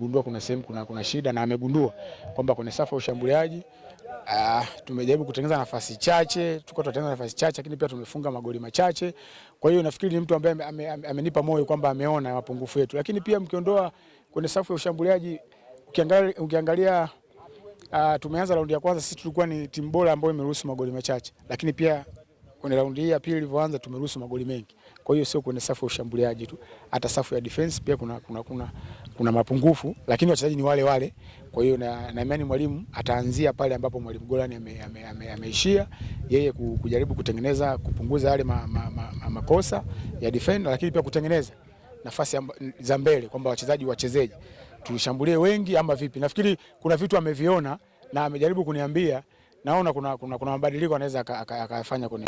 amegundua kuna sehemu kuna, kuna shida na amegundua kwamba kwenye safu ya ushambuliaji ah, tumejaribu kutengeneza nafasi chache, tuko tutatengeneza nafasi chache, lakini pia tumefunga magoli machache. Kwa hiyo nafikiri ni mtu ambaye amenipa ame, ame, ame moyo kwamba ameona mapungufu yetu, lakini pia mkiondoa kwenye safu ya ushambuliaji ukiangalia, ukiangalia Uh, tumeanza raundi ya kwanza sisi tulikuwa ni timu bora ambayo imeruhusu magoli machache, lakini pia kwenye raundi hii ya pili ilivyoanza tumeruhusu magoli mengi. Kwa hiyo sio kwenye safu ya ushambuliaji tu, hata safu ya defense pia kuna, kuna, kuna, kuna mapungufu, lakini wachezaji ni wale wale. Kwa hiyo na, na imani mwalimu ataanzia pale ambapo mwalimu Golani ameishia ame, ame, ame yeye kujaribu kutengeneza kupunguza yale ma, ma, ma, ma, makosa ya defend, lakini pia kutengeneza nafasi za mbele kwamba wachezaji wachezeje, tushambulie wengi ama vipi. Nafikiri kuna vitu ameviona na amejaribu kuniambia, naona kuna, kuna, kuna mabadiliko anaweza akayafanya kwenye